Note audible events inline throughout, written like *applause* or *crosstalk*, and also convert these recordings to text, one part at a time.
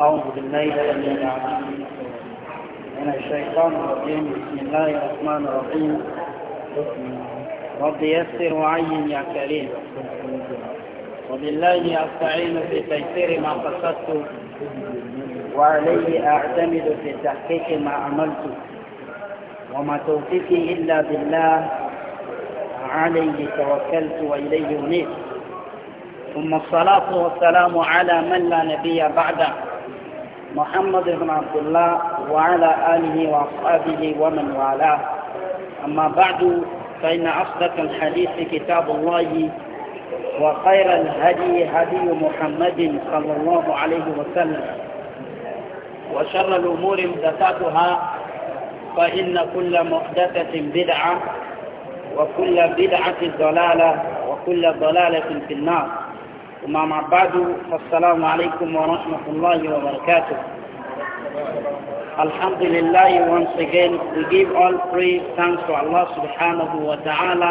أعوذ بالله من الشيطان الرجيم بسم الله الرحمن الرحيم رب يسر وعين يا كريم وبالله أستعين في تيسير ما قصدت وعليه أعتمد في تحقيق ما عملت وما توفيقي إلا بالله عليه توكلت وإليه أنيب ثم الصلاة والسلام على من لا نبي بعده محمد بن عبد الله وعلى آله وأصحابه ومن والاه أما بعد فإن أصدق الحديث كتاب الله وخير الهدي هدي محمد صلى الله عليه وسلم وشر الأمور محدثاتها فإن كل محدثة بدعة وكل بدعة ضلالة وكل ضلالة في النار وما بعد فالسلام عليكم ورحمة الله وبركاته Alhamdulillah, once again, we give all praise, thanks to Allah subhanahu wa ta'ala,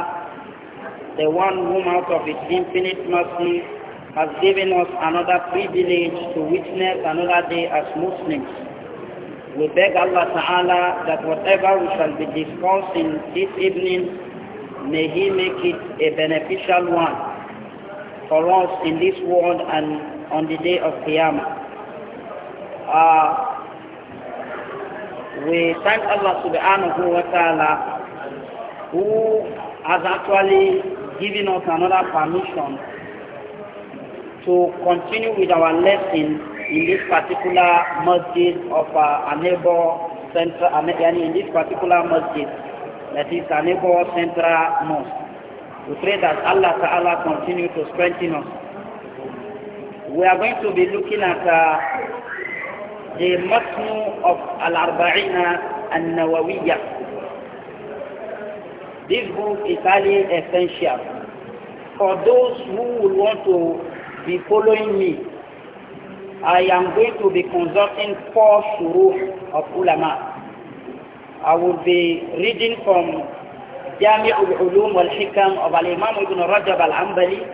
the one whom out of his infinite mercy has given us another privilege to witness another day as Muslims. We beg Allah Ta'ala that whatever we shall be discussing this evening, may He make it a beneficial one for us in this world and on the day of Qiyamah. Uh, we thank Allah Subhanahu wa Ta'ala who has actually given us another permission to continue with our lesson in this particular masjid of a, uh, a neighbor central, a, in this particular masjid, that is a central mosque. We pray that Allah Ta'ala continue to strengthen us. We are going to be looking at uh, the Masnu of Al-Arba'ina Al-Nawawiyya. This book is highly essential for those who will want to be following me I am going to be consulting four shuruh of ulama. I will be reading from Jami'ul Ulum wal Hikam of Al Imam Ibn Rajab al Ambali.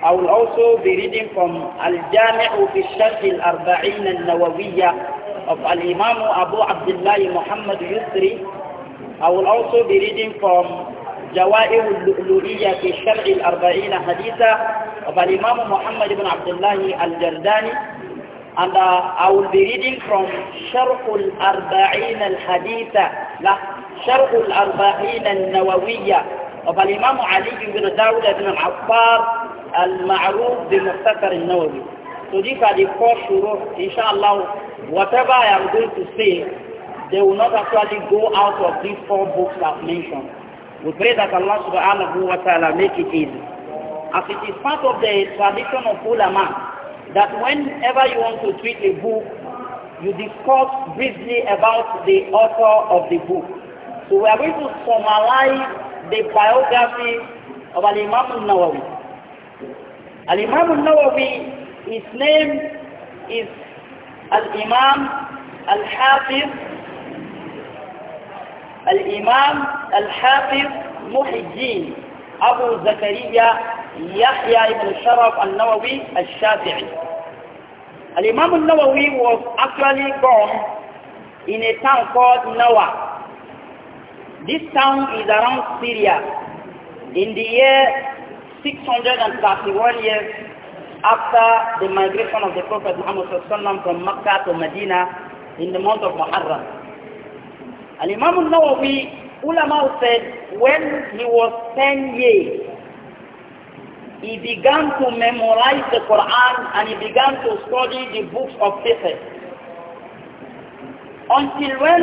I will also be reading from Al Jami'u fi Sharh al Arba'in al Nawawiyya of Al Imam Abu Abdullah Muhammad Yusri. I will also be reading from جوائع اللؤلؤية في شرع الأربعين حديثا وبالإمام محمد بن عبد الله الجرداني And uh, I will be reading from Sharh al-Arba'in al-Haditha, Sharh al-Arba'in al-Nawawiyya of Al-Imam Ali ibn Dawud ibn Affar al-Ma'ruf bi Muqtasar al-Nawawi. So these are the four shuruh. Inshallah, whatever I am going to say, they will not actually go out of these four books I've mentioned. We pray that Allah subhanahu wa ta'ala make it easy. As it is part of the tradition of ulama, that whenever you want to treat a book, you discuss briefly about the author of the book. So we are going to summarize the biography of Al-Imam al-Nawawi. Al-Imam al-Nawawi, his name is Al-Imam al-Hafiz, Al-Imam al-Hafiz Muhyiddin Abu Zakaria Yahya ibn Sharaf al-Nawawi al-Shafi'i. Al-Imam al-Nawawi was actually born in a town called Nawa. This town is around Syria in the year 631 years after the migration of the Prophet Muhammad from Mecca to Medina in the month of Muharram. And Imam al-Nawawi, ulama said, when he was 10 years he began to memorize the Quran and he began to study the books of fiqh. Until when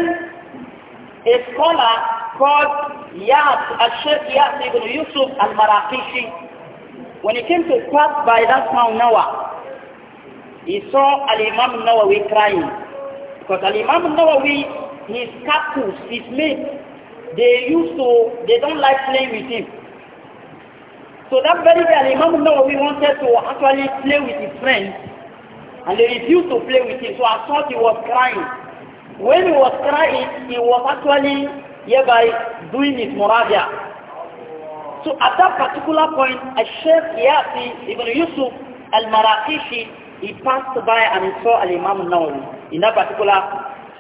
a scholar called Yas, al-Sheikh uh, Yas ibn Yusuf al-Maraqishi, when he came to pass by that town Nawa, he saw Al-Imam Nawawi crying. Because Al-Imam Nawawi, his captives, his mates, they used to, they don't like playing with him. So that very day, Imam Nawawi wanted to actually play with his friend, and they refused to play with him. So I thought he was crying. When he was crying, he was actually hereby doing his moravia. So at that particular point, a Sheikh Yasi Ibn Yusuf al-Marakishi, he passed by and he saw Al-Imam Nawawi in that particular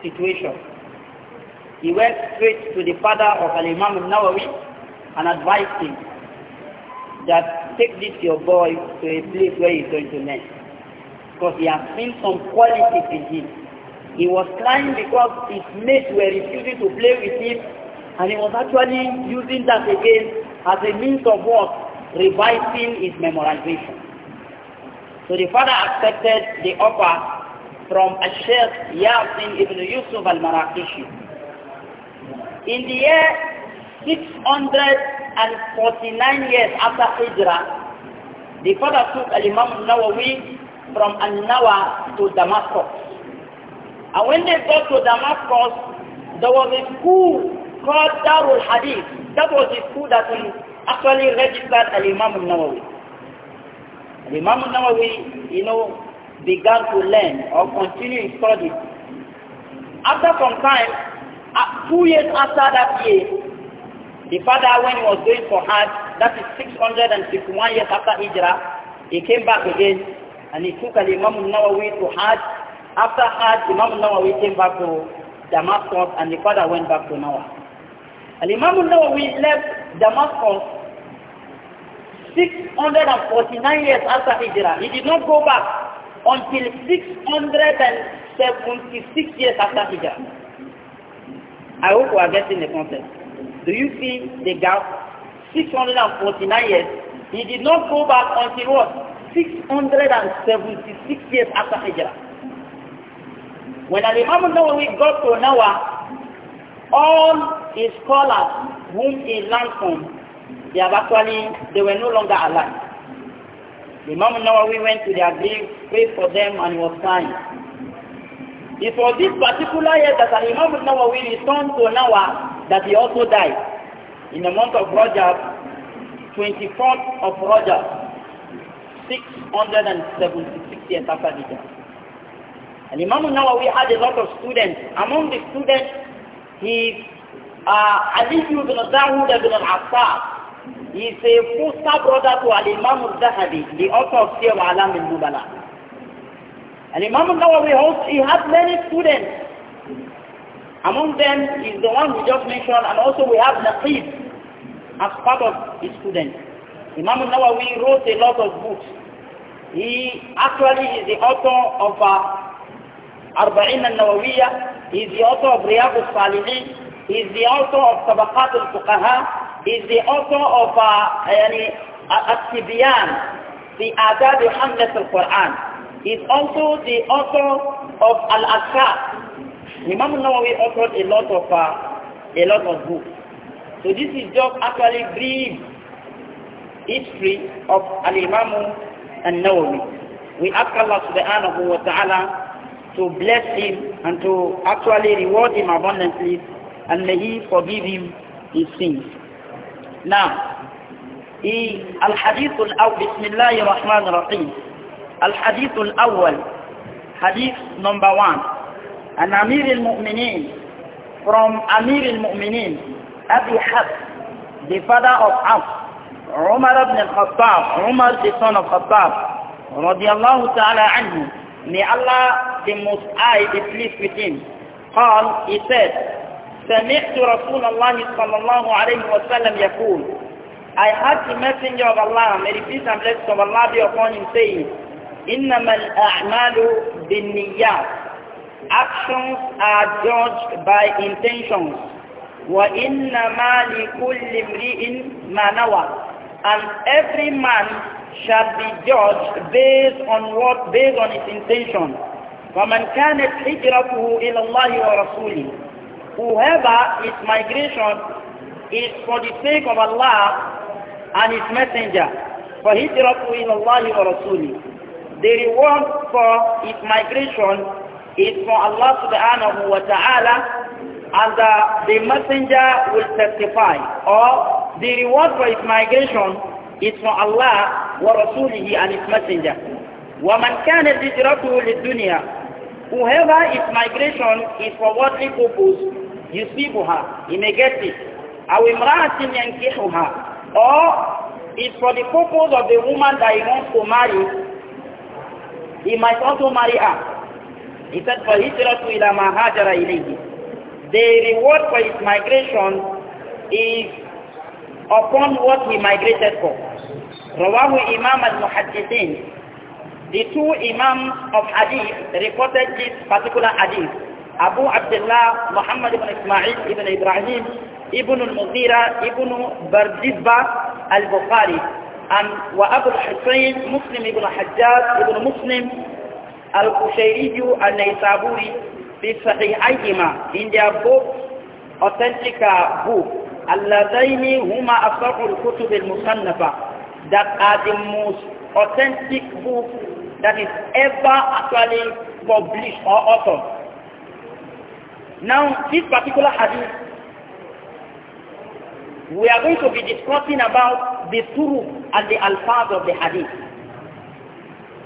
situation. He went straight to the father of Al-Imam Nawawi and advised him that take this your boy to a place where he's going to learn. Because he has seen some qualities in him. He was crying because his mates were refusing to play with him and he was actually using that again as a means of what? Revising his memorization. So the father accepted the offer from a Sheikh Yasin ibn Yusuf al-Marakishi. In the year 600 and forty-nine years after Hijrah, the father took Imam Nawawi from An-Nawa to Damascus. And when they got to Damascus, there was a school called Darul Hadith. That was the school that actually registered Al-Imam Nawawi. Al Imam Nawawi, you know, began to learn or continue his After some time, uh, two years after that year, The father, when he was going for Hajj, that is 651 years after Hijrah, he came back again and he took an Imam Nawawi to Hajj. After Hajj, Imam Nawawi came back to Damascus and the father went back to Nawa. And Imam Nawawi left Damascus 649 years after Hijrah. He did not go back until 676 years after Hijrah. I hope we are getting the concept. Do you see the gap? 649 years. He did not go back until what? 676 years after Hijrah. When Al-Imam al-Nawawi got to Nawa, all his scholars whom he learned from, they have actually, they were no longer alive. The Imam al-Nawawi went to their grave, prayed for them and was signed. It was this particular year that Al-Imam al-Nawawi returned to Nawa that he also died in the month of Roger, 24th of Rajab, 676 years after Hijrah. And Imam Nawawi had a lot of students. Among the students, he uh, Ali ibn Dawud ibn al-Affar. He is a foster brother to Al-Imam al-Zahabi, the author of Siyar Alam al-Nubala. And Imam Nawawi, he had many students Among them is the one we just mentioned and also we have Naqib as part of his students. Imam Nawawi wrote a lot of books. He actually is the author of uh, Arba'in al he is the author of Riyadh al-Salihin, he is the author of Tabaqat al-Fuqaha, he is the author of uh, yani, uh, Al-Tibiyan, the Adab al-Hamlat al-Quran. He is also the author of al aqsa Imam Nawawi authored a lot of uh, a lot of books. So this is just actually brief history of Al Imam and Nawawi. We ask Allah Subhanahu wa Taala to bless him and to actually reward him abundantly, and may He forgive him his sins. Now, Hadith الأول بسم الله الرحمن الرحيم الحديث الأول Hadith number one عن أمير المؤمنين from أمير المؤمنين أبي حب the father of Af عمر بن الخطاب عمر the son of Khattab رضي الله تعالى عنه may Allah the most high be pleased with him قال he said سمعت رسول الله صلى الله عليه وسلم يقول I heard the messenger of Allah may the peace and blessings of Allah be upon him saying إنما الأعمال بالنيات actions are judged by intentions. وَإِنَّمَا لِكُلِّ امْرِئٍ مَا نَوَى And every man shall be judged based on what, based on his intention. وَمَنْ كَانَتْ هِجْرَتُهُ إِلَى اللَّهِ وَرَسُولِهِ Whoever is migration is for the sake of Allah and His Messenger. فَهِجْرَتُهُ إِلَى اللَّهِ وَرَسُولِهِ The reward for his migration is from Allah subhanahu wa ta'ala and the, the messenger will testify or the reward for his migration is from Allah wa rasulihi and his messenger. وَمَنْ كَانَتْ هِجْرَتُهُ لِلدُّنْيَا Whoever his migration is for worldly purpose, yusibuha, he may get it. أَوْ إِمْرَأَةٍ يَنْكِحُهَا Or is for the purpose of the woman that he wants to marry, he might also marry her. He said, for to ila ma hajara ilayhi. The reward for his migration is upon what he migrated for. Rawahu Imam al-Muhaddithin. The two Imams of Hadith reported this particular Hadith. Abu Abdullah Muhammad ibn Ismail ibn Ibrahim ibn al-Mughira ibn Bardizba al-Bukhari and wa Abu al-Husayn Muslim ibn Hajjaj ibn Muslim Al-Kushairiju and Naisaburi, fi sahihayhima, in their both authentic uh, book, Alladaini huma asahul kutub al-musannafa, that are the most authentic book that is ever actually published or authored. Now, this particular hadith we are going to be discussing about the turu and the alfaz of the hadith.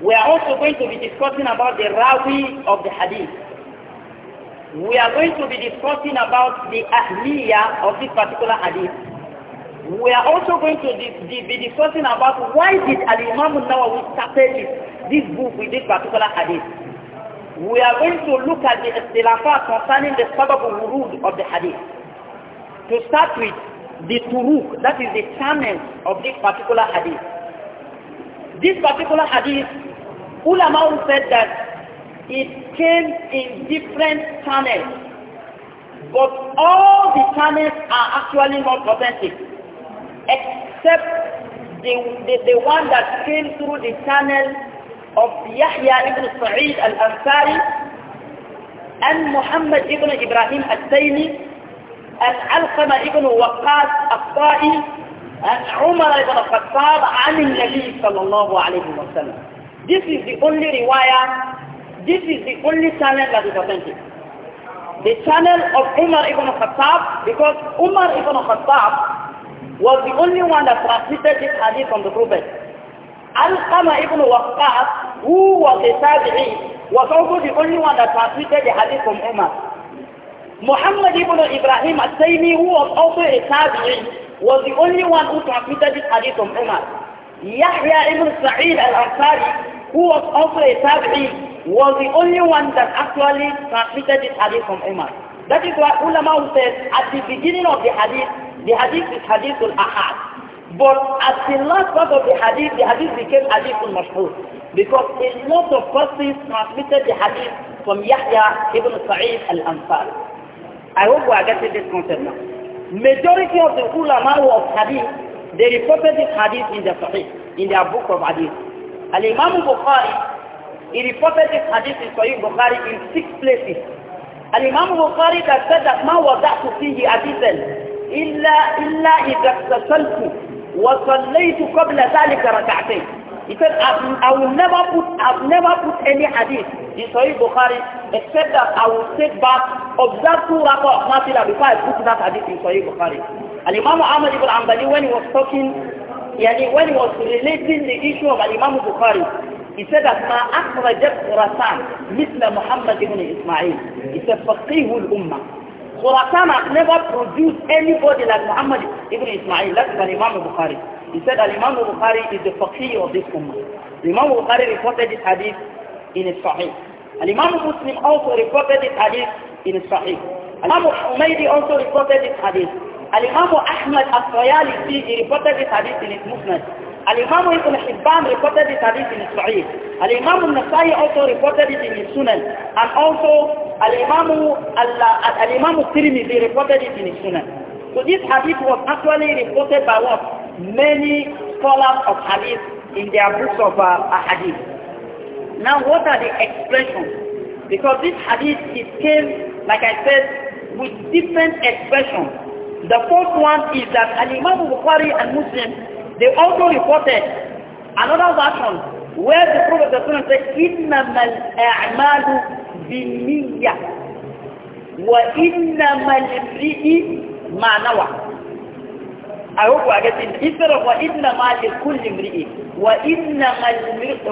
We are also going to be discussing about the rawi of the hadith. We are going to be discussing about the ahliya of this particular hadith. We are also going to be discussing about why did Al-Imam Nawawi started this, this book with this particular hadith. We are going to look at the istilafat concerning the probable wurud of the hadith. To start with, the Turuq that is the channel of this particular hadith. This particular hadith Ulama who said that it came in different channels, but all the channels are actually not authentic, except the, the, the one that came through the channel of Yahya ibn Sa'id al-Ansari and Muhammad ibn Ibrahim al-Zayni and al Alqama ibn Waqqas al-Ta'i and Umar ibn al-Khattab عن النبي صلى الله عليه وسلم This is the only rewire. this is the only channel that is authentic. The channel of Umar ibn Khattab, because Umar ibn Khattab was the only one that transmitted this hadith from the Prophet. Al-Qama ibn Waqqas, who was a Tabi'i, was also the only one that transmitted the hadith from Umar. Muhammad ibn Ibrahim al-Saymi, who was also a Tabi'i, was the only one who transmitted this hadith from Umar. Yahya ibn Sa'id al-Ansari, who was also a Tabi'i, was the only one that actually transmitted this hadith from Imam. That is why ulama said at the beginning of the hadith, the hadith is hadithul ahad. But at the last part of the hadith, the hadith became hadithul mashhur. Because a lot of persons transmitted the hadith from Yahya ibn Sa'id al-Ansari. I hope we are getting this concept now. Majority of the ulama of hadith, they reported this hadith in their Sahih, in their book of hadith. Al-Imam Bukhari, he reported this hadith in Sahih Bukhari in six places. Al-Imam Bukhari that said that ما وضعت فيه حديثا إلا إلا إذا اغتسلت وصليت قبل ذلك ركعتين. He said, I will never put, I will never put any hadith in Sahih Bukhari except that I will take back, observe two rakah of Nafila before I put that hadith in Sahih Bukhari. And Imam Ahmad ibn Ambali, when he was talking yani when he was relating the issue of Imam Bukhari, he said that ما أخرجت خراسان مثل محمد بن إسماعيل. He said فقيه الأمة. Khurasan has never produced anybody like Muhammad ibn Ismail. That's an Imam Bukhari. He said that Imam Bukhari is the faqih of this ummah. Imam Bukhari reported this hadith in his Sahih. And Imam Muslim also reported this hadith in his Sahih. Imam Umaydi also reported this hadith. الإمام أحمد الصيالسي reported this hadith in his Musnad. الإمام ابن حبان reported this hadith in his Sahih. الإمام النسائي also reported it in his Sunan. And also الإمام الإمام الترمذي reported it in his Sunan. So this hadith was actually reported by what? Many scholars of hadith in their books of uh, hadith. Now what are the expressions? Because this hadith it came, like I said, with different expressions. The fourth one is that Al-Imam Bukhari and Muslim, they also reported another version where the Prophet said, إِنَّمَا الْأَعْمَالُ بِالنِّيَّةِ وَإِنَّمَا الْفِئِ مَا manawa. I hope we are getting it. Instead of وَإِنَّمَا لِكُلِّ امْرِئِ وَإِنَّمَا الْمْرِئُ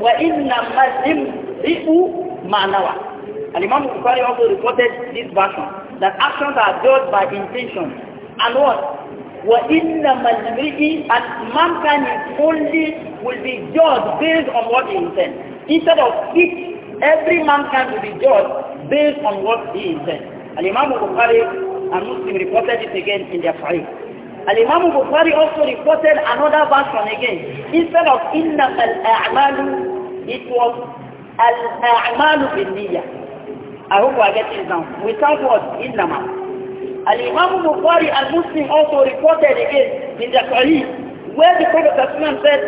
وَإِنَّمَا الْمْرِئُ مَا نَوَى Al-Imam Bukhari also reported this version. that actions are judged by intention. And what? وَإِنَّمَا الْمِرْءِ And mankind is only will be judged based on what he intends. Instead of each, every mankind will be judged based on what he intends. Al-Imam Bukhari and Muslim reported it again in their Sahih. Al-Imam Bukhari also reported another version again. Instead of إِنَّمَا الْأَعْمَالُ It was al-a'malu bin niyyah. I hope I get it down. Without what? Innama. Al-Imam Bukhari Al Muslim also reported again in the Sahih where the Prophet Sallallahu said,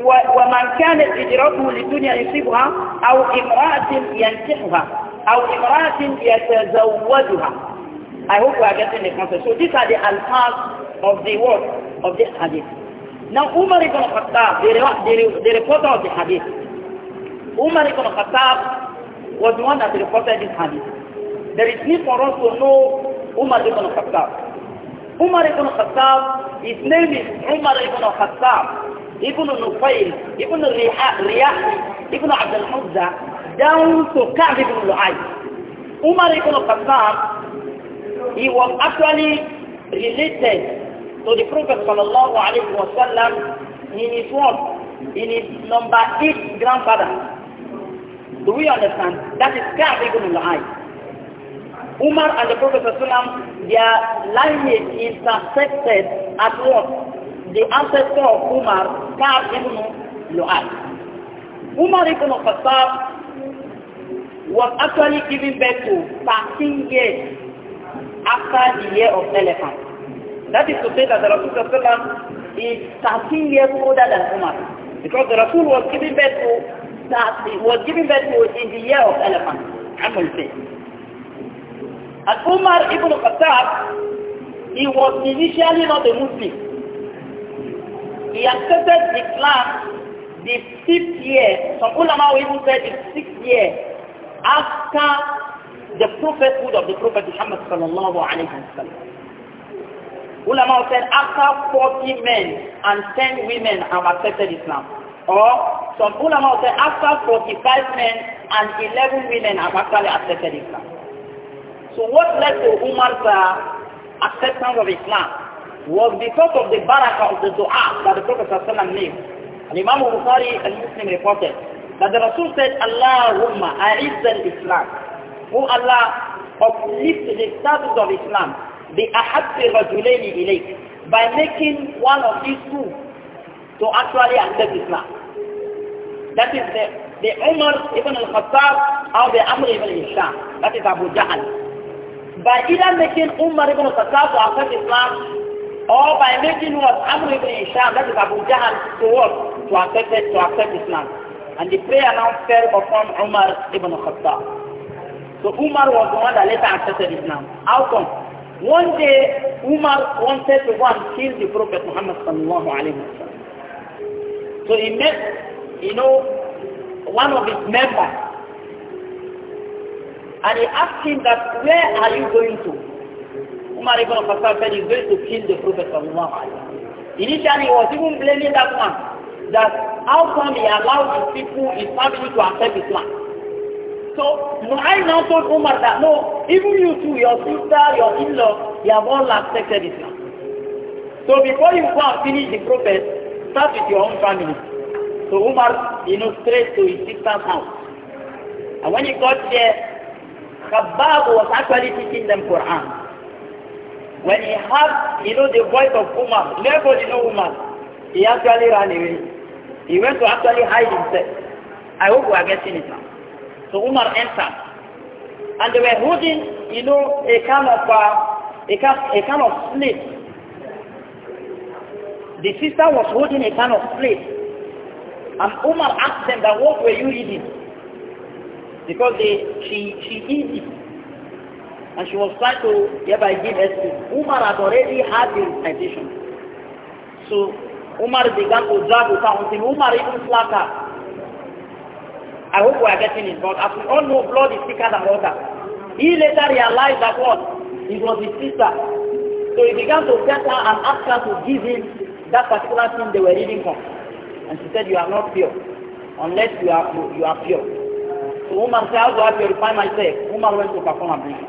وَمَنْ كَانَتْ هِجْرَتُهُ لِدُنْيَا يُصِيبُهَا أَوْ إِمْرَأَةٍ يَنْكِحُهَا أَوْ إِمْرَأَةٍ يَتَزَوَّجُهَا I hope we are getting the concept. So these are the alfas of the word of this hadith. Now Umar ibn Khattab, the, the, the reporter of the hadith, Umar ibn Khattab was the one that reported this hadith. There is need for us to know Umar ibn Khattab. Umar ibn Khattab, his name is Umar ibn Khattab, ibn Nufayl, ibn Riyah, ibn Abdul al down to Ka'b ibn Lu'ay. Umar ibn Khattab, he was actually related to the Prophet sallallahu alayhi wa sallam in his what? In his number eight grandfather. Do we understand? That is Ka'b ibn al-Ayy. Umar and the Prophet ﷺ, their lineage is suspected at what? The ancestor of Umar, Ka'b ibn al-Ayy. Umar ibn al-Khattab was actually giving birth to 13 years after the year of elephant. That is to say that the Rasul ﷺ is 13 years older than Umar. Because the Rasul was giving birth to exactly was given birth to in the year of elephant. I'm going to say. And Umar ibn Khattab, he was initially not a Muslim. He accepted Islam the fifth year, some ulama will even say the sixth year, after the prophethood of the Prophet Muhammad sallallahu alayhi wa sallam. Ulama said after 40 men and 10 women have accepted Islam. Or some ulama say after 45 men and 11 women have actually accepted Islam. So what led to Umar's uh, acceptance of Islam was because of the barakah of the dua that the Prophet Sallallahu ﷺ made. And Imam Bukhari and Muslim reported that the Rasul said, Allahumma a'izz al-Islam. O Allah, uplift the status of Islam, the ahabbi rajulayni ilayk, by making one of these two to actually accept Islam. That is the, the Umar ibn al-Khattab or the Amr ibn Hisham. That is Abu Jahl. By either making Umar ibn al-Khattab to accept Islam or by making what Amr ibn Hisham, that is Abu Jahl, to work, to accept, it, to accept Islam. And the prayer now fell upon Umar ibn al-Khattab. So Umar was the one that later accepted Islam. How come? One day, Umar wanted to go and kill the Prophet Muhammad sallallahu alayhi wa sallam. So he met, you know, one of his members. And he asked him that, where are you going to? Umar ibn Khattab said he's going to kill the Prophet of sallallahu Initially he was even blaming that man, that how come he allowed his people, his family to accept Islam? So Mu'ay now told Umar that, no, even you too, your sister, your in-law, you have all accepted Islam. So before you go and finish the Prophet, start with your own family. So Umar, you know, straight to his sister's house. And when he got there, Khabbab was actually teaching them Quran. When he heard, you know, the voice of Umar, never you know Umar, he actually ran away. He went to actually hide himself. I hope we are getting it now. So Umar entered. And they were holding, you know, a kind of, uh, a, kind, a kind of slip The sister was holding a can of plate. And Umar asked them that what were you eating? Because they, she, she eats it. And she was trying to thereby give her food. Umar had already had the invitation, So Umar began to drag with her until Umar even slapped her. I hope we are getting it, but as we all know, blood is thicker than water. He later realized that what? It was his sister. So he began to get her and ask her to give him that particular thing they were reading from. And she said, you are not pure unless you are you are pure. So Umar said, how do I purify myself? Umar went to perform ablution.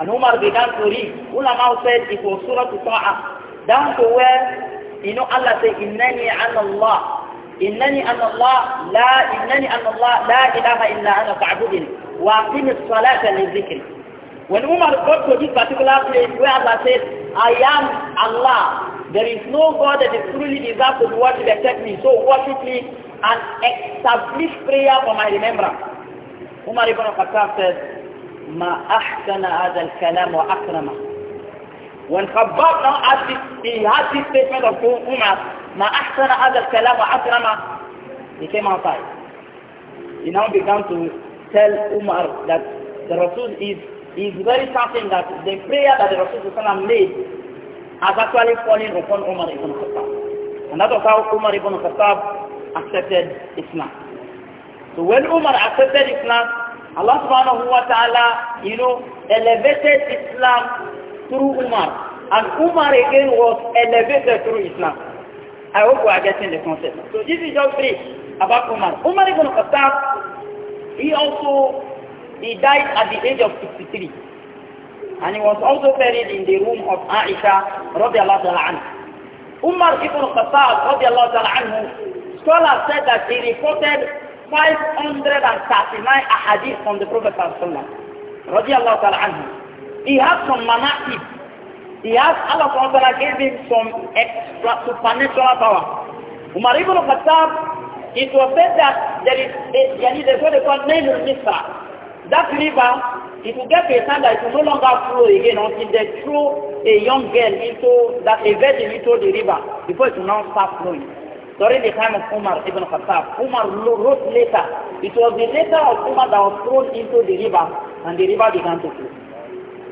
And Umar began to read. Ulama said it was Surah to Ta'a. Down to where, you know, Allah say, Innani an Allah. Innani an Allah. La innani an Allah. La ilaha illa ana fa'budini. Wa aqim salata li dhikri. When Umar got to this particular place where Allah said, I am Allah. There is no God that is truly deserved to be worshipped except me. So worship me and establish prayer for my remembrance. Umar ibn Khattab says, ما أحسن kalam wa وأكرمه. When Khabbab now asked this, he had this statement of Umar, ما أحسن kalam wa وأكرمه. He came outside. He now began to tell Umar that the Rasul is is very something that the prayer that the Rasul made has actually fallen upon Umar ibn Khattab. And that was how Umar ibn Khattab accepted Islam. So when Umar accepted Islam, Allah subhanahu wa ta'ala, you know, elevated Islam through Umar. And Umar again was elevated through Islam. I hope we are getting the concept. So this is just brief about Umar. Umar ibn Khattab, he also, he died at the age of 63 and he was also buried in the room of Aisha radiallahu ta'ala anhu. Umar ibn Khattab radiallahu ta'ala anhu, scholars said that he reported 539 ahadith from the Prophet sallallahu radiallahu ta'ala anhu. He had some manaqib. He has Allah ta'ala gave him some extra supernatural power. Umar ibn Khattab, it was said that there is a, there is a what they call Nail Misra. That river It will get to a time that it will no longer flow again until they throw a young girl into that a virgin into the river before it will now start flowing. During the time of Umar ibn Khattab, Umar wrote later. It was the letter of Umar that was thrown into the river and the river began to flow.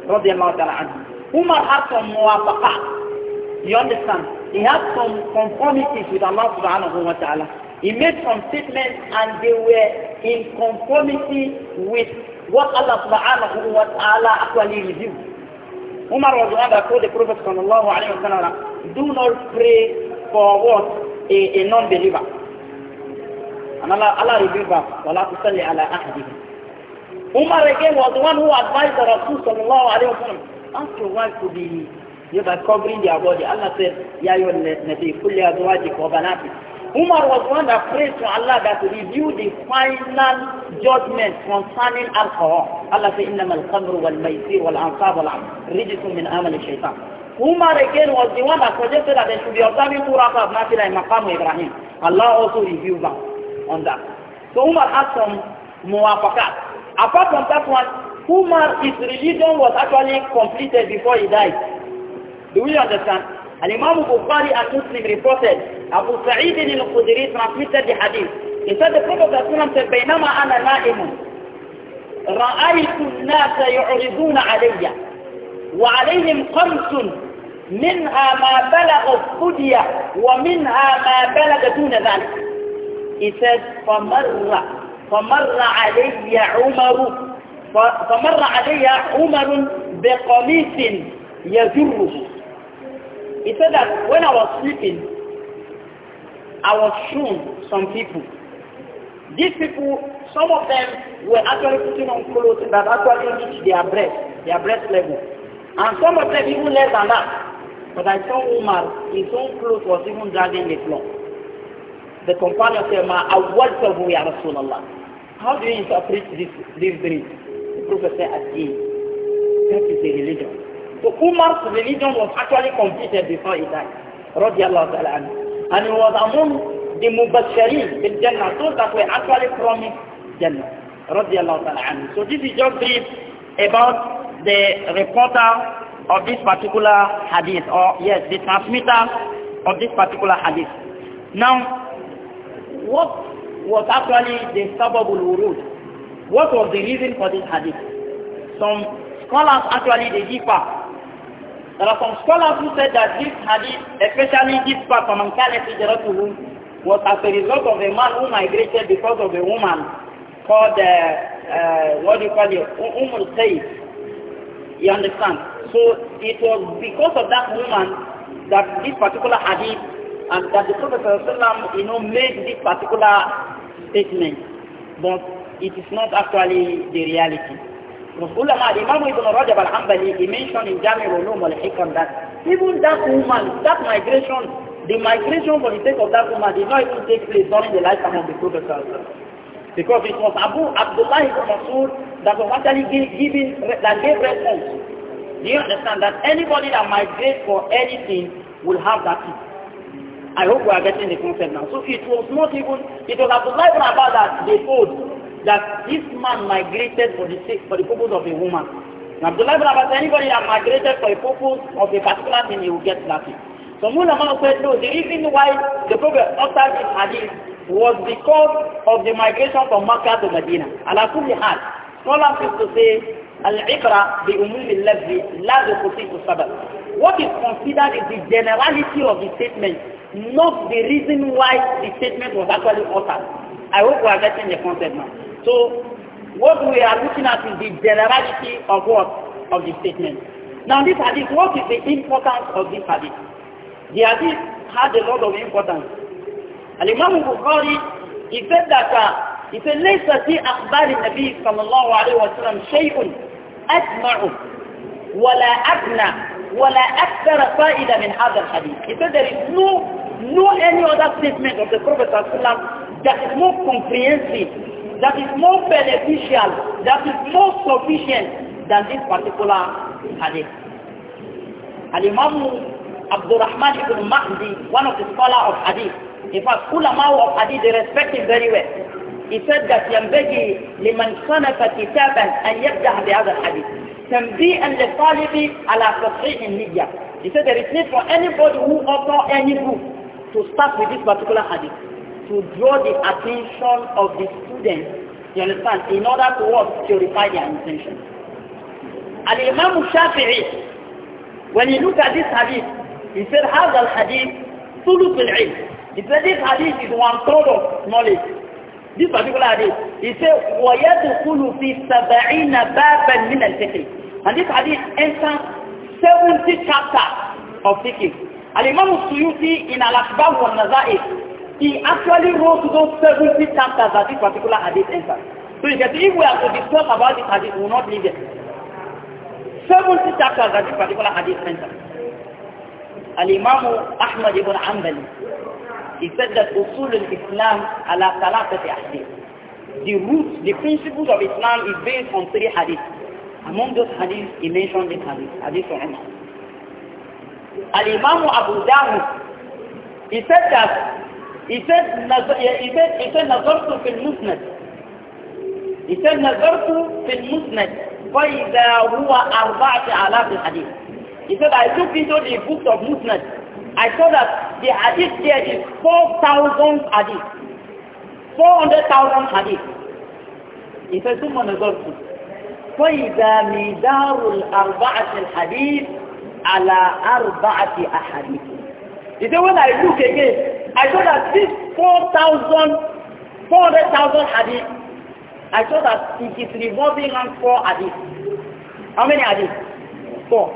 Umar had some muwafaqah. You understand? He had some conformities with Allah subhanahu wa ta'ala. He made some statements and they were in conformity with what Allah subhanahu wa ta'ala actually revealed. Umar was one that told the Prophet sallallahu alayhi wa sallam, do not pray for what? A, a non-believer. And Allah, Allah revealed that, وَلَا تُسَلِّ عَلَىٰ أَحْدِهِ Umar again was the one who advised the Rasul sallallahu alayhi wa sallam, ask your wife to be, you know, by covering their body. Allah said, يَا يُوَ النَّبِي كُلِّ أَزْوَاجِكَ وَبَنَاتِكَ Umar was one that prayed to Allah that review the final judgment concerning alcohol. Allah Inna said, إِنَّمَا الْخَمْرُ وَالْمَيْسِيرُ وَالْأَنْصَابُ وَالْعَمْ رِجِسٌ مِنْ amal الشَّيْطَانِ Umar again was the one that suggested that they should be observing two rakah of Nafila in Maqam Ibrahim. Allah also reviewed that on that. So Umar had some muwafakat. Apart from that one, Umar, his religion was actually completed before he died. Do we understand? الإمام البخاري and Muslim reported أبو سعيد al-Khudri transmitted the hadith. He said the Prophet بينما أنا نائم رأيت الناس يعرضون علي وعليهم قمس منها ما بلغ الثدية ومنها ما بلغ دون ذلك. He said فمر فمر علي عمر فمر علي عمر بقميص يجره He said that when I was sleeping, I was shown some people. These people, some of them were actually putting on clothes that actually reached their breast, their breast level. And some of them even less than that. But I saw Umar, his own clothes was even dragging the floor. The companion said, Ma, awaltahu ya Rasulallah. How do you interpret this, this dream? The Prophet said, Adi, that is the religion. So Umar's religion was actually completed before he died. Radiallahu ta'ala And he was among the Mubashirin in Jannah, those that were actually promised Jannah. Radiallahu ta'ala So this is just brief about the reporter of this particular hadith, or yes, the transmitter of this particular hadith. Now, what was actually the sababul wurud? What was the reason for this hadith? Some scholars actually they differ There are some scholars who said that this hadith, especially this part from Ankale Fijaratuhu, was as a result of a man who migrated because of a woman called, uh, uh, what do you call it, Umul Sayyid. You understand? So it was because of that woman that this particular hadith and that the Prophet you know, made this particular statement. But it is not actually the reality ulama Imam Ibn Rajab al he mentioned in Jami' al-Ulum wal-Hikam that even that woman, that migration, the migration for the sake of that woman did not even take place during the lifetime of the Prophet because it was Abu Abdullah ibn Masud that was actually giving that gave response. Do you understand that anybody that migrates for anything will have that thing? I hope we are getting the concept now. So it was not even, it was Abdullah ibn Abbas that they told that this man migrated for the sake, for the purpose of a woman. Now, Abdullah ibn Abbas, anybody that migrated for a purpose of a particular thing, he will get nothing. So Mulama said, no, the reason why the Prophet uttered this hadith was because of the migration from Makkah to Medina. And Allah kulli hal. Scholars used to say, Al-Ibra bi umumi lafzi la to sabab. What is considered is the generality of the statement, not the reason why the statement was actually uttered. I hope we are getting the concept now. So, what we are looking at is the generality of what? Of the statement. Now this hadith, what is the importance of this hadith? The hadith had a lot of importance. Al-Imam Bukhari, he said that, uh, he said, لَيْسَ فِي أَخْبَارِ النَّبِي صلى الله عليه وسلم شيء أسمع ولا أبنى ولا أكثر فائدة من هذا الحديث. He said there is no, no any other statement of the Prophet ﷺ that is more comprehensive that is more beneficial, that is more sufficient than this particular hadith. Al-Imam Abdurrahman ibn Mahdi, one of the scholars of hadith, in fact, ulama of hadith, they respect him very well. He said that ينبغي لمن صنف كتابا أن يبدأ بهذا الحديث تنبيئا للطالب على تصحيح النية. He said there is need for anybody who author any book to start with this particular hadith to draw the attention of the students, you understand, in order to what? Purify their intention. Al-Imam Shafi'i, when he look at this hadith, he said, "How the hadith, الحديث ثلث العلم. He said this hadith is one third of knowledge. This particular hadith, he said, fi فِي سَبَعِينَ min al الْفِقِهِ And this hadith enters 70 chapters of fiqh. Al-Imam Suyuti in Al-Akbar wa Naza'i, he actually wrote those seventy chapters that this particular hadith enters. So you can if we are to discuss about this hadith, we will not leave it. Seventy chapters that this particular hadith enters. Al-Imam Ahmad ibn Ambali, he said that Usul islam ala salatati hadith. The roots, the principles of Islam is based on three hadith. Among those hadith, he mentioned this hadith, hadith of Umar. Al-Imam Abu Dawud, he said that إذا إذا إذا نظرت في المسند إذا نظرت في المسند فإذا هو أربعة آلاف الحديث إذا I took into the books of مسند I saw that the hadith there is 4,000 hadith 400,000 hadith He said, ثم نظرت فإذا مدار الأربعة الحديث على أربعة أحاديث said, when I look again I saw that this 4,000, 400,000 hadith, I saw that it is revolving around four hadith. How many hadith? Four.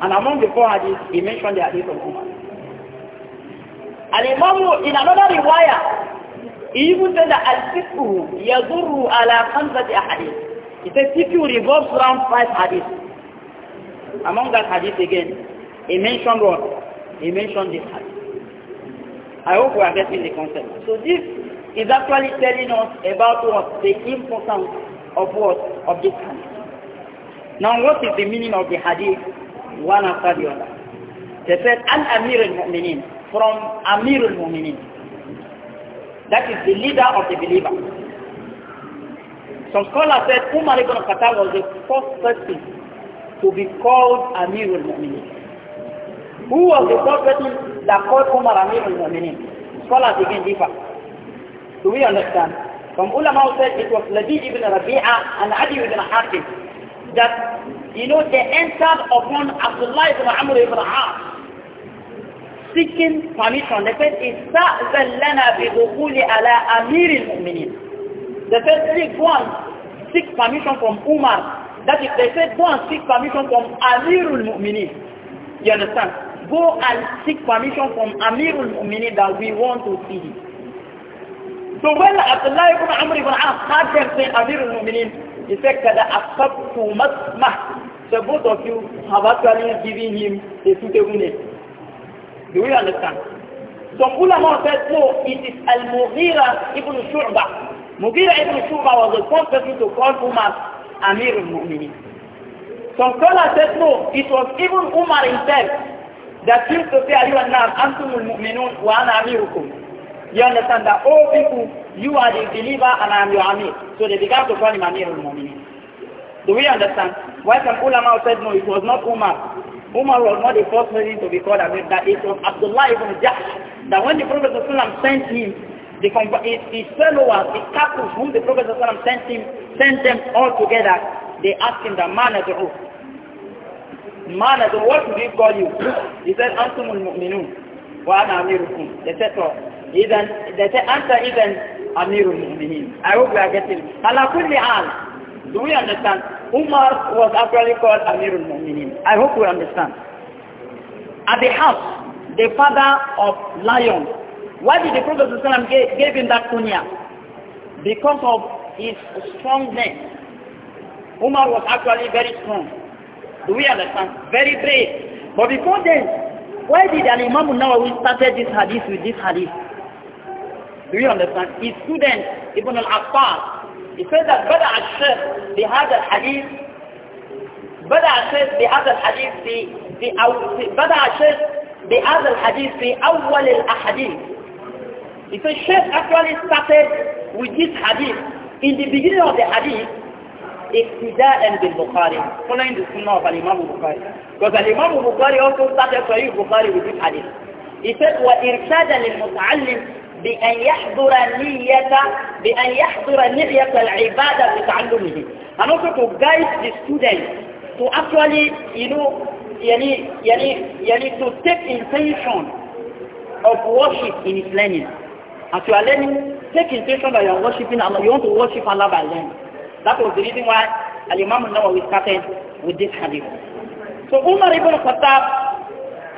And among the four hadith, he mentioned the hadith of Umar. And Imam, in another riwayah, he even said that al-fiqhu yadurru ala khamsati hadith. He said, fiqhu revolves around five hadith. Among that hadith again, he mentioned what? He mentioned this hadith. I hope we are getting the concept. So this is actually telling us about what the importance of what of this hadith. Now what is the meaning of the hadith one after the other? They said "An Amir al Mu'minin from Amir al Mu'minin. That is the leader of the believer. Some scholars said Umar ibn Khattab was the first person to be called Amir al Mu'minin. Who was the first person Laqad Umar Amirul Mu'minin. Scholars again differ. Do we understand? From ulama said it was Ladi ibn Rabi'a and Adi ibn Hatim that, you know, they entered upon Abdullah ibn Amr ibn As seeking permission. They said, إِسْتَأْذَنْ لَنَا بِدُخُولِ عَلَىٰ أَمِيرِ الْمُؤْمِنِينَ They said, seek one, seek permission from Umar. That is, they said, go and seek permission from Amirul Mu'minin. You understand? go and seek permission from Amirul Mu'minin that we want to see him. So when Abdullah ibn Amr ibn As heard them say Amirul Mu'minin, he said, Kada accept too much mah. So both of you have actually given him a suitable name. Do we understand? Some ulama said, no, it is Al-Mughira ibn Shu'ba. Mughira ibn Shu'ba was the first person to call Umar Amirul Mu'minin. Some scholars said, no, it was even Umar himself that you to say ayuha nas antumul mu'minun wa ana amirukum you understand that all people you are the believer and I am your amir so they began to call him amirul mu'minin do we understand why some ulama said no it was not Umar Umar was not the first person to be called amir that it was Abdullah ibn Jahsh that when the Prophet of Islam sent him the his, his followers, the captives whom the Prophet of Islam sent him, sent them all together. They asked him the man of the roof man said, what did he call you? He said, Antumul Mu'minun, wa ana amirukum, so. Even, they said, Anta even Amirul Mu'minin. I hope we are getting it. Ala kulli al. Do we understand? Umar was actually called Amirul Mu'minin. I hope we understand. At the house, the father of lions. Why did the Prophet ﷺ give, him that kunya? Because of his strong strongness. Umar was actually very strong. Do we understand? Very brave. But before then, why did an Imam Nawawi started this hadith with this hadith? Do you understand? His student, Ibn al-Affar, he said that Bada al-Shaykh, بهذا الحديث بدأ الشيخ بهذا the the Bada Al في the الشيخ hadith the awwal al hadith. He said sheikh actually started with this hadith in the beginning of the hadith, اقتداء بالبخاري كل the sunnah of Imam Bukhari because Imam Bukhari also started Sahih Bukhari with this hadith he said وإرشادا للمتعلم بأن يحضر نية بأن يحضر نية العبادة بتعلمه and also to guide the student to actually you know يعني يعني يعني to take intention of worship in his learning as you are learning take intention that you are worshiping Allah you want to worship Allah by learning That was the reason why Al-Imam al-Nawawi started with this hadith. So Umar ibn Khattab,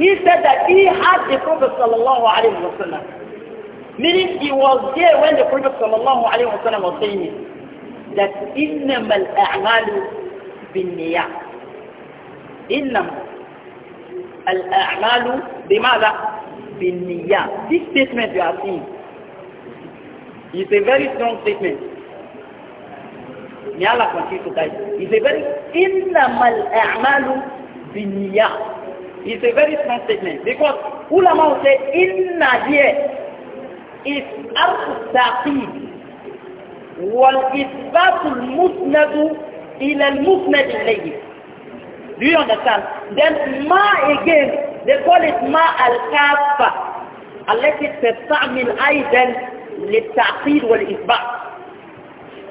he said that he had the Prophet sallallahu alayhi wa Meaning he was there when the Prophet sallallahu alayhi wa sallam was saying it. That إِنَّمَا الْأَعْمَالُ بِالنِّيَّةِ إِنَّمَا الْأَعْمَالُ بِمَاذَا بِالنِّيَّةِ This statement you are seeing is a very strong statement ni ala consists that it's a very innamal a'malu binniyah. It's a very strong statement because ulama will say inna here is arf taqid wal isbat al musnad ila al musnad ilayhi. Do you understand? Then ma again, they call it ma al kafa التي تستعمل أيضا للتعقيد والإثبات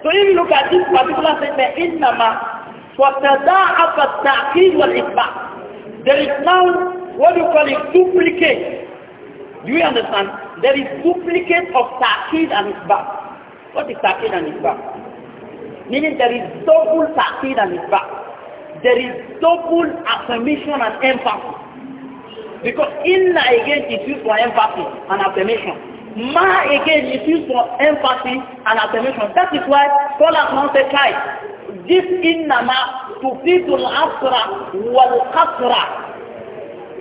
So if you look at this particular statement, إِنَّمَا وَتَدَاعَفَ التَّعْقِيدُ iba, There is now what you call a duplicate. Do you understand? There is duplicate of ta'qid and isbat. What is ta'qid and isbat? Meaning there is double ta'qid and isbat. There is double affirmation and emphasis. Because inna again is used for emphasis and affirmation. Ma again is for empathy and affirmation. That is why scholars now say, Kai, this innama tufidul asra wal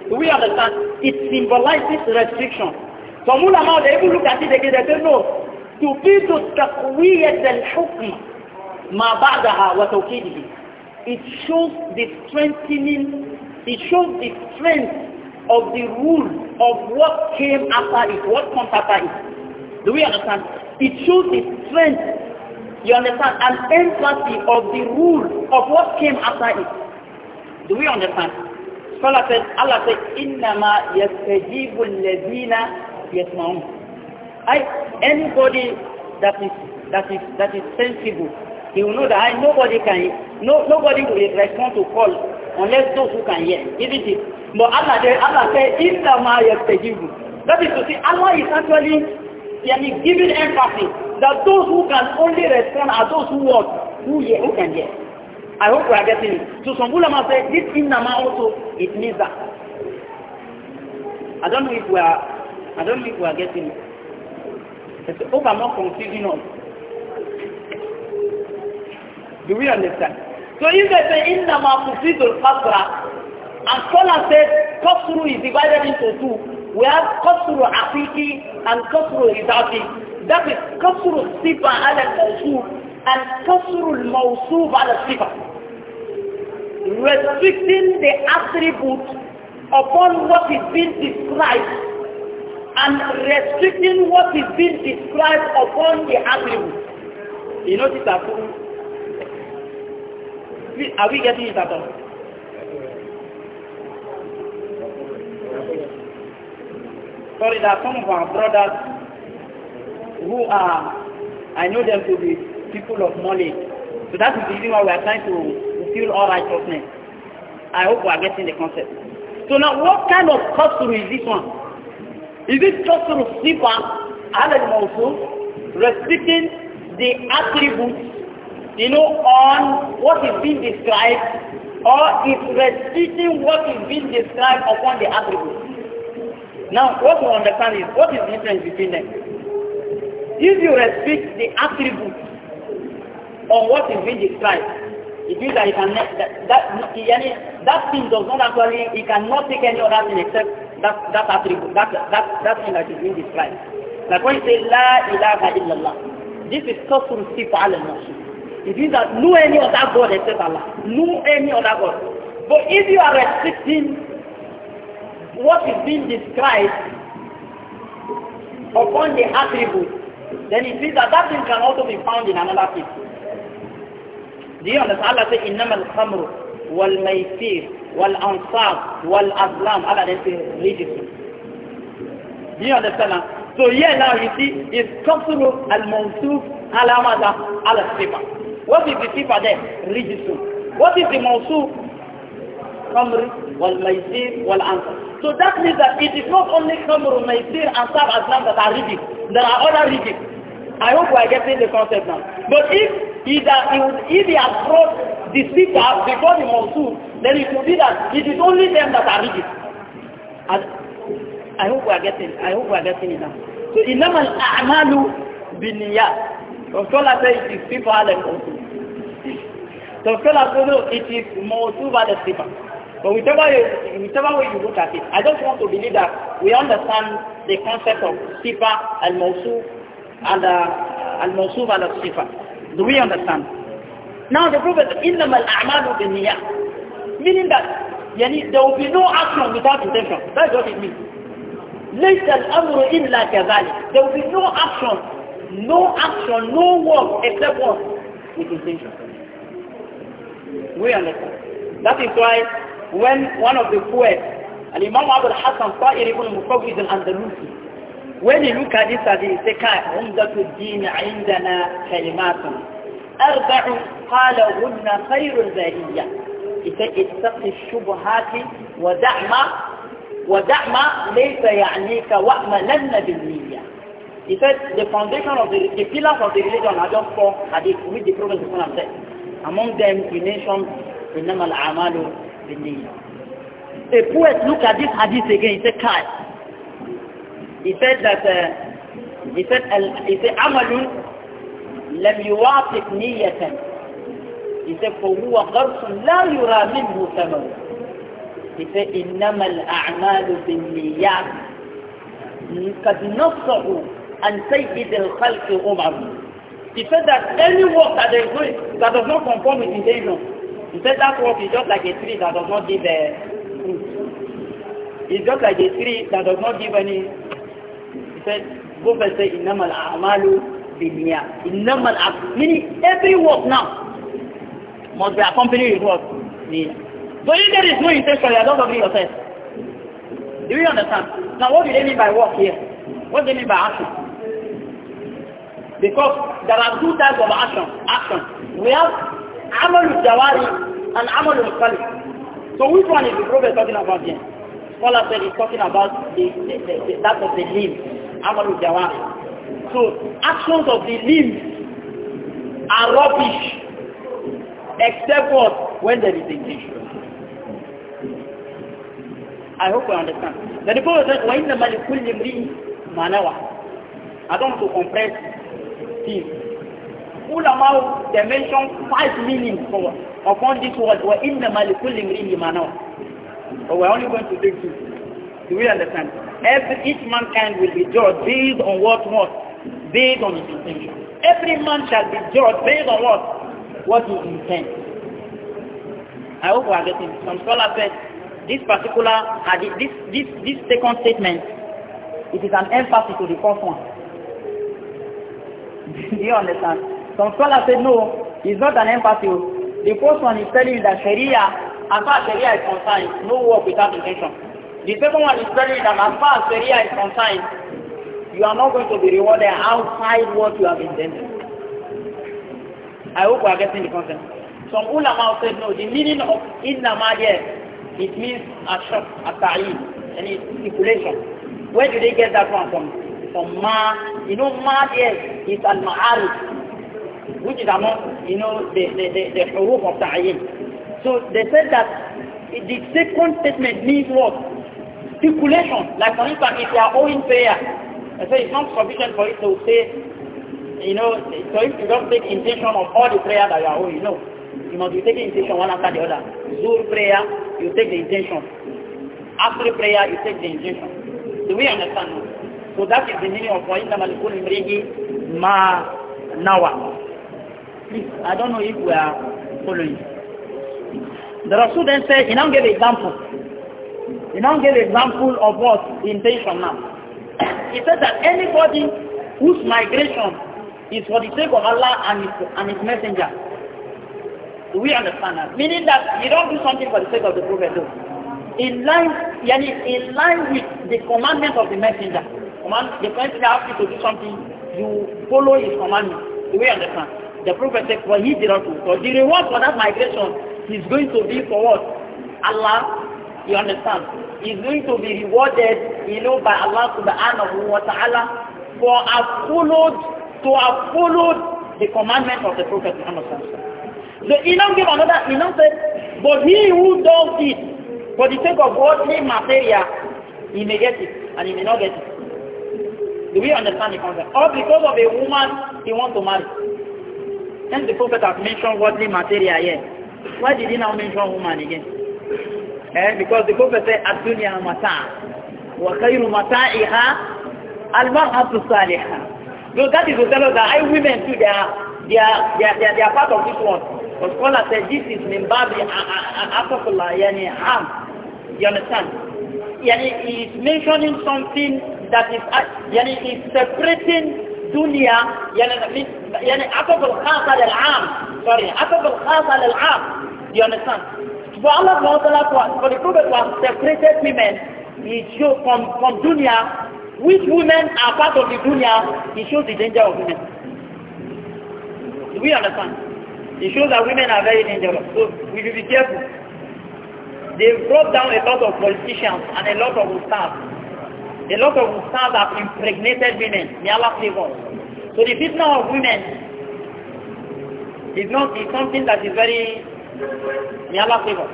Do We understand. It symbolizes restriction. Some ulama, they even look at it again, they say, no. Tufidul taqwiyat al-hukm ma ba'daha wa tawkidihi. It shows the strengthening, it shows the strength of the rule of what came after it, what comes after it. Do we understand? It shows the strength, you understand, an empathy of the rule of what came after it. Do we understand? Scholar said, Allah said, إِنَّمَا يَسْتَجِيبُ الَّذِينَ يَسْمَعُونَ I, anybody that is, that is, that is sensible, he will know that I, nobody can, no, nobody will respond to call unless those who can hear, isn't it? But Allah, Allah said, Inna ma yastajibu. That is to say, Allah is actually giving emphasis that those who can only respond are those who want, Who hear, who can hear. I hope we are getting it. So some people ulama say, this Inna ma also, it means that. I don't know if we are, I don't know if we are getting it. It's over more confusing us. Do we understand? So if they say innama mufidul kasra, and Scholar said kasru is divided into two. We have kasru afiki and kasru idafi. That is kasru sifa ala mawsuf and kasru mawsuf ala sifa. Restricting the attribute upon what is being described and restricting what is being described upon the attribute. You notice that? Are we getting it at all? Sorry, there some of our brothers who are, I know them to be people of money, So that is the reason why we are trying to fulfill all righteousness. I hope we are getting the concept. So now what kind of custom is this one? Is it custom of Sifa, Al-Mawsul, restricting the attributes you know, on what is being described or is repeating what is being described upon the attribute. Now, what we understand is what is the difference between them? If you restrict the attribute on what is being described, it means that, it can, that, that, that thing does not actually, it cannot take any other thing except that, that attribute, that, that, that thing that is being described. Like when you say, La ilaha illallah, this is kafru sifa'al al-nafsu. It means that no any other God except Allah. no any other God. But if you are restricting what is being described upon the attribute, then it means that that thing can also be found in another thing. Do you understand? Allah says, إِنَّمَا الْخَمْرُ وَالْمَيْسِيرُ وَالْأَنْصَابُ وَالْأَظْلَامُ Allah then says, رِجِسُ Do you understand now? So here now you see, is al الْمَوْسُوفُ al مَذَا al الصِّفَةِ What is the sifa there? Rijisu. What is the mawsu? Khamri wal maisir wal ansar. So that means that it is not only khamru, maisir, ansar, aslam that are rigid. There are other rigid. I hope we are getting the concept now. But if he, that he, would, if he has brought the sifa before the mawsu, then it would be that it is only them that are rigid. And I hope we are getting I hope we are getting it now. So إنما الأعمال بالنيات. So Allah says it is people are like So Felakulu, it is Mawtuba the Sifa. But whichever, you, whichever way you look at it, I just want to believe that we understand the concept of Sifa and Mawsu and uh, al Mawsuf and Sifa. Do we understand? Now the Prophet, إِنَّمَا الْأَعْمَالُ بِالنِّيَّةِ Meaning that yani, there will be no action without intention. That's what it means. لَيْسَ الْأَمْرُ إِلَّا كَذَلِكَ There will be no action, no action, no work except one With intention. We understand. That is why when one of the poets, and Imam Abul Hassan Fa'ir ibn is al-Andalusi, when he look at this hadith, he say, Kai, Umdatu din indana kalimatun. Arba'u qala hunna khayrul bahiyya. He said, Ittaqi shubhati wa da'ma ودعم ليس يعنيك وأملن بالنية He said the foundation of the, the pillars of the religion are just four hadiths, with the Prophet Muhammad said. Among them, he mentioned إنما الأعمال بالنية. A poet looked at this hadith again. He said, "Kai." He said that uh, he said he said amalun لم يوافق niyatan He said, فهو غرس la yura minhu ثمن. He said, إنما الأعمال kad قد نصه عن سيد الخلق umar He said that any work that is doing that does not conform with intention, he said that work is just like a tree that does not give a uh, fruit. It's just like a tree that does not give any. He said, Prophet said, "Innamal a'malu biniya." Innamal meaning every work now must be accompanied with work. So if there is no intention, you are not doing yourself. Do you understand? Now, what do they mean by work here? What do they mean by action? Because There are two types of action. action. We have amal jawari and amal qalb. So which one is the Prophet talking about here? Scholar said he's talking about the, the, the, the, that of the limb, amal jawari. So actions of the limbs are rubbish except what when there is intention. I hope you understand. Then the Prophet said, وَإِنَّمَا لِكُلِّ مْرِئٍ مَنَوَى I don't want to compress 15. Ulama, they mention five meanings for, upon this word, were in the Malikul Imri But we're only going to take two. Do we understand? Every, each mankind will be judged based on what what? Based on his intention. Every man shall be judged based on what? What he intends. I hope we are getting some scholars said this particular, this, this, this second statement, it is an emphasis to the first one. Do *laughs* you understand? Some scholars said, no, it's not an empathy. The first one is telling you that Sharia, as far as Sharia is concerned, no work without intention. The second one is telling you that as far as Sharia is concerned, you are not going to be rewarded outside what you have intended. I hope we are getting the concept. Some ulama said, no, the meaning of innama it means ashab, ata'id, and stipulation. Where do they get that one from? From ma you know, mad is, is al-ma'arif, which is among, you know, the, the, the, the huruf of ta'ayin. So they said that the second statement means what? Speculation. Like for instance, if you are owing prayer, I say it's not sufficient for you to say, you know, so if you don't take intention of all the prayer that you are owing, you know, you must be taking intention one after the other. Zuhr prayer, you take the intention. After prayer, you take the intention. Do we understand? So that is the meaning of وَإِنَّمَا لِكُلِّ امْرِئٍ مَا نَوَى. Please, I don't know if we are following. The Rasul then said, he now give example. He now give example of what? Intention now. he said that anybody whose migration is for the sake of Allah and his, and his messenger. Do we understand that? Meaning that you don't do something for the sake of the Prophet though. In line, yani in line with the commandment of the messenger command, the person asks you to do something, you follow his commandment. Do we understand? The prophet said, for he did not do. So the reward for that migration is going to be for what? Allah, you understand? He's going to be rewarded, you know, by Allah subhanahu wa ta'ala for have followed, to have followed the commandment of the prophet Muhammad So he now gave another, he now said, but he who does it for the sake of worldly material, he may get it and he may not get it. Do we understand the concept? Or because of a woman he wants to marry. Then the prophet has mentioned worldly material here. Why did he now mention woman again? Eh, because the prophet said, Ad-dunya mata'a. Wa khayru mata'iha al-mar'atu salihah. So that is to tell us that I women too, they are, they are, they are, they are, they are part of this one. The scholar said, this is min babi asafullah, yani ham." You understand? Yani, he is mentioning something that is يعني uh, is separating دنيا يعني يعني عطف الخاصة للعام sorry عطف الخاصة للعام do you understand for Allah SWT for the Prophet was separated women he showed from from dunya which women are part of the dunya he shows the danger of women do we understand he shows that women are very dangerous so we should be careful they brought down a lot of politicians and a lot of staff A lot of Ustaz have impregnated women. May Allah favor. So the fitna of women is not is something that is very may Allah favor.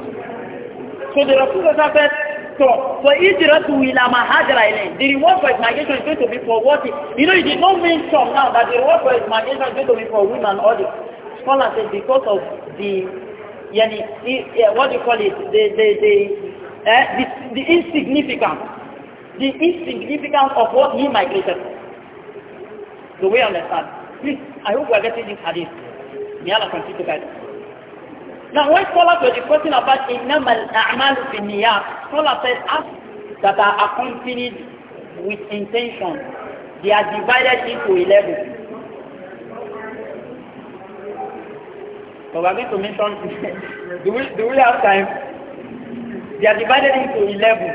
So the Rasulullah said, so for Ijiratu a hajra ilayhi, the reward for migration is going to be for what? you know, it did not mean some now that the reward for migration is going to be for women or the scholars said because of the, yani, what do you call it, the, the, the, uh, the, the insignificance the insignificance of what he migrated. Do we understand? Please, I hope we are getting this at least. May Allah continue to guide Now, when scholars were discussing about innamal a'mal bin niyat, scholars said acts that are accompanied with intention, they are divided into 11. So we are going to mention, *laughs* do, we, do we have time? They are divided into 11.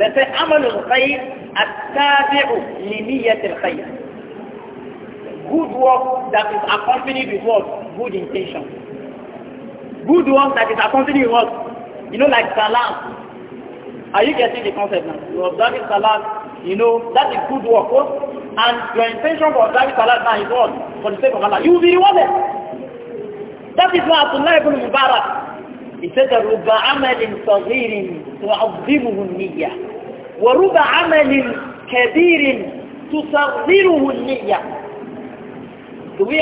لسي عمل الخير التابع لنية الخير good work that is accompanied with what? good intention good work that is accompanied with what? you know like salam are you getting the concept now? you observing salam you know that is good work what? Oh. and your intention for observing salam now is what? for the sake of Allah you be rewarded that is why Abdullah ibn Mubarak he said رُبَّ عَمَلٍ صَغِيرٍ تُعَظِّمُهُ النِّيَّةِ ورب عمل كبير تصغره النية Do we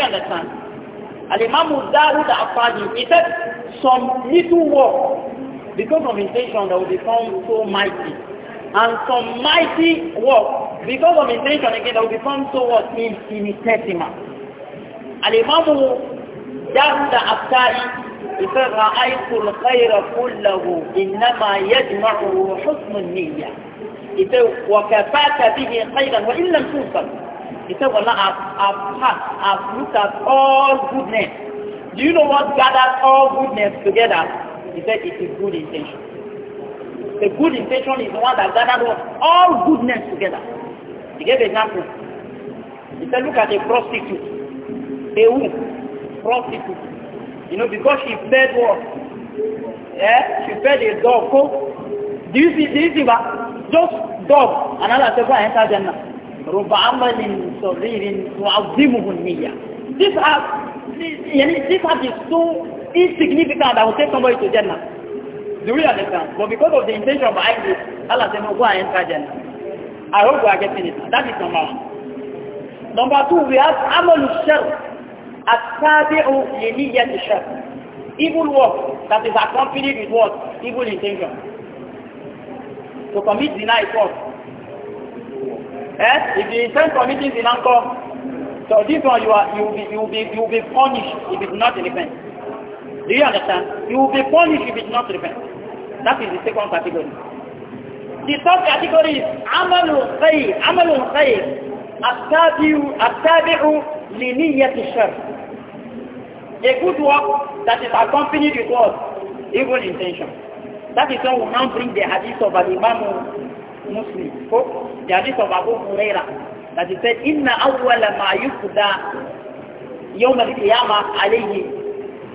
الإمام الزاود أفادي Dawud some little work, because of intention, that will become so mighty. And some mighty work, because of intention, again, that will become so what? Infinitesimal. Al-Imam Dawud al-Fadi, إذا رأيت الخير كله إنما يجمعه حسن النية ite wakafata bihi khairan wa illam tusal ite wala I've, I've passed I've looked at all goodness do you know what gathers all goodness together he said it is good intention the good intention is the one that gathers all goodness together he gave example he said look at a prostitute a who prostitute you know because she fed what yeah she fed a dog do you see do you see that just dog and Allah said go and enter Jannah رب عمل صغير تعظمه النية this are yani this act is so insignificant that will take somebody to Jannah do you understand but because of the intention behind this Allah said no go and enter Jannah I hope we are getting it that is number one number two we have عمل الشر التابع لنية الشر evil work that is accompanied with what evil intention to commit zina ikọ eh if you intend committing zina nkọ so this one you are you will be you will be you will be punished if it not repent do you understand you will be punished if it not repent that is the second category the third category is amalu khair amalu khair attabi'u attabi'u li niyyati shar a good work that is accompanied with what evil intention That is why we now bring the hadith of Al-Imam Muslim. the hadith of Abu Huraira. That he said, Inna awwal ma yufda yawm al-qiyamah alayhi.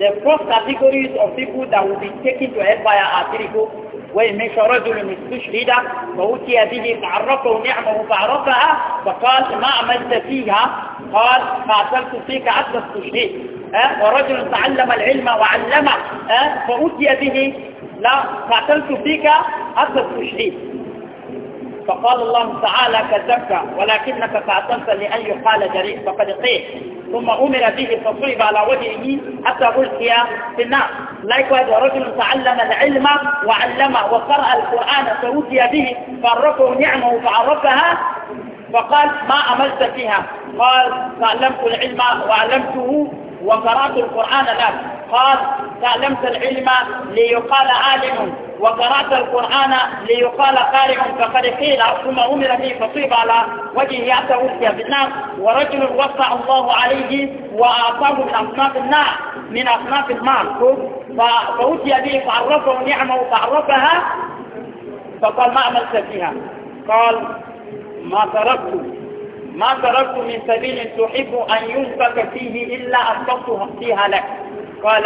The first categories of people that will be taken to hellfire are three people. ومش رجل مستشهد فأوتي به فعرفه نعمه فعرفها فقال ما عملت فيها قال فأعتلت فيك عبد التشهيد أه؟ ورجل تعلم العلم وعلمه أه؟ فأتي به لا فأعتلت فيك عبد التشهيد فقال الله تعالى كذبت ولكنك فأعتلت لأن يقال جريء فقد قيل ثم أمر به فصيب على وجهه حتى ألقي في النار لايكواز رجل تعلم العلم وعلمه وقرأ القرآن فأوتي به فعرفه نعمه فعرفها فقال ما عملت فيها قال تعلمت العلم وعلمته وقرأت القرآن لك قال تعلمت العلم ليقال عالم وقرأت القرآن ليقال قارئ فقد قيل ثم أمر به فصيب على وجهه يأتي وفيا بالنار ورجل وسع الله عليه وأعطاه من أصناف النار من أصناف المال فأتي به فعرفه نعمه فعرفها فقال ما عملت فيها قال ما تركت ما تركت من سبيل تحب أن ينفك فيه إلا أسقطت فيها لك قال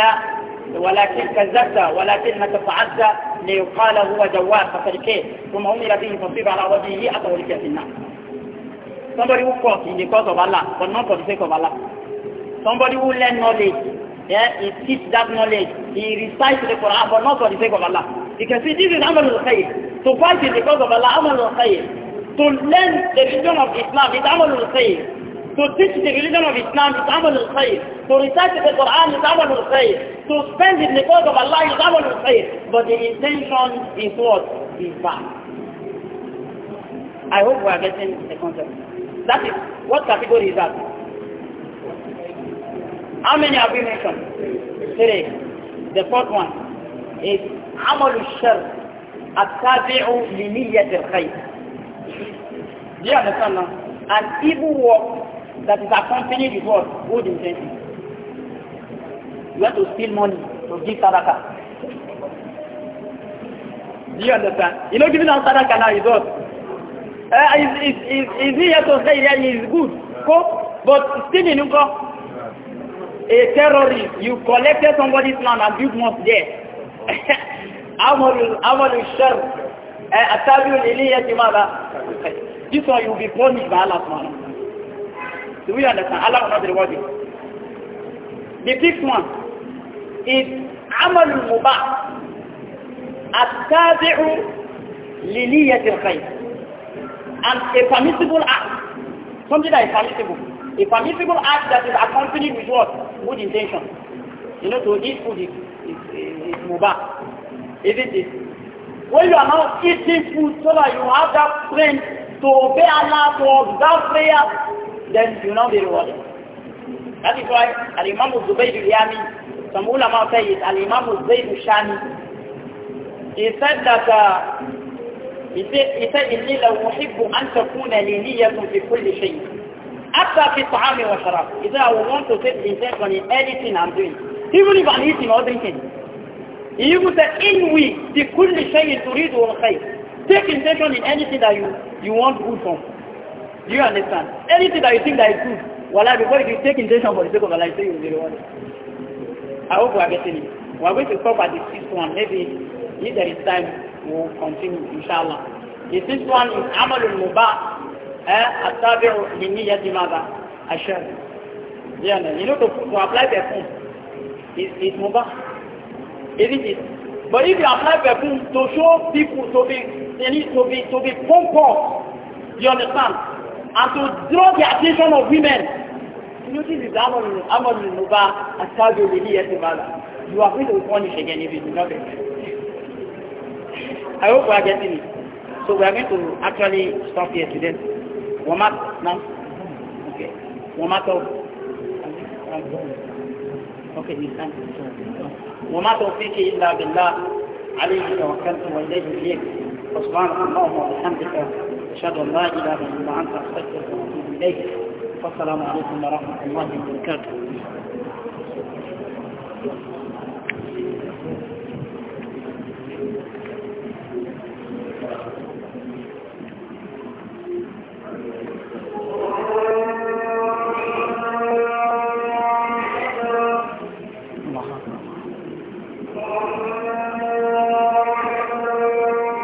ولكن كذبت ولكنك فعلت ليقال هو جواد فتركه ثم أمر به فصيب على وجهه حتى ولك في النار Somebody who fought in the cause of Allah, but not for the sake of Allah. Somebody who learned knowledge, yeah, he teach that knowledge, he recites the Quran, but not for the sake of Allah. You can see this is Amal al-Khair. To fight in the cause of Allah, Amal al-Khair. To learn the religion of Islam is amal al-khayr. To teach the religion of Islam is amal al-khayr. To recite the Quran is amal al-khayr. To spend in the cause of Allah is amal al-khayr. But the intention is what? Is bad. I hope we are getting the concept. That is, what category is that? How many have we mentioned? Three. The fourth one is عمل الشر التابع لنية الخير Do you understand now? An evil work that is accompanied with what? Good intention. You want to steal money to give sadaka. Do you understand? You know, giving out sadaka now is what? Uh, is, is, is, is he here to say that he is good? Go, but still in Uko, a terrorist, you collected somebody's land and built mosque there. عمل عمل الشر أتابع الإلية ماذا؟ This one you will be punished by Allah subhanahu Do we understand? Allah will not reward you. The fifth one is عمل المباح التابع لنية الخير and a permissible act something that is permissible a permissible act that is accompanied with what? good intention you know to eat food is, is, is, is mubah isn't it? when you are now eating food so that you have that strength to obey Allah, to observe prayer, then you know the reward. That is why Al-Imam Zubayd al-Yami, some ulama say it, Al-Imam Zubayd al-Shami, he said that, uh, he said, إِنِّي لَوْ أُحِبُّ أَن تَكُونَ لِنِيَّةٌ فِي كُلِّ شَيْءٍ حتى في الطعام وَشَرَابٍ He said, I want to set intention in anything I'm doing. Even if I'm eating or drinking. He even said, إِنْ وِي بِكُلِّ شَيْءٍ تُرِيدُ وَالْخَيْرِ Take intention in anything that you, you want good from. Do you understand? Anything that you think that is good, Wallah, before you take intention for the sake of Allah, you say you will be rewarded. I hope we are getting it. We are going to stop at the sixth one. Maybe if there is time, we will continue, inshallah. The sixth one is Amalul Mubah. التابع لنية ماذا؟ الشر. You know, to, to apply perfume is, It's mubah. Isn't it? But if you apply perfume to show people to be to be to be pompous, you understand, and to draw the attention of women. You this is Amon Amon Nuba Asabi Lili Yetimala. You are going to be punished again if you do not I hope we are getting it. So we are going to actually stop here today. One more now. Okay. One more. Okay, thank you. وما توفيقي إلا بالله عليه توكلت وإليه إليك فسبحانك اللهم وبحمدك أشهد أن لا إله إلا أنت أستغفرك وأتوب إليك والسلام عليكم ورحمة الله وبركاته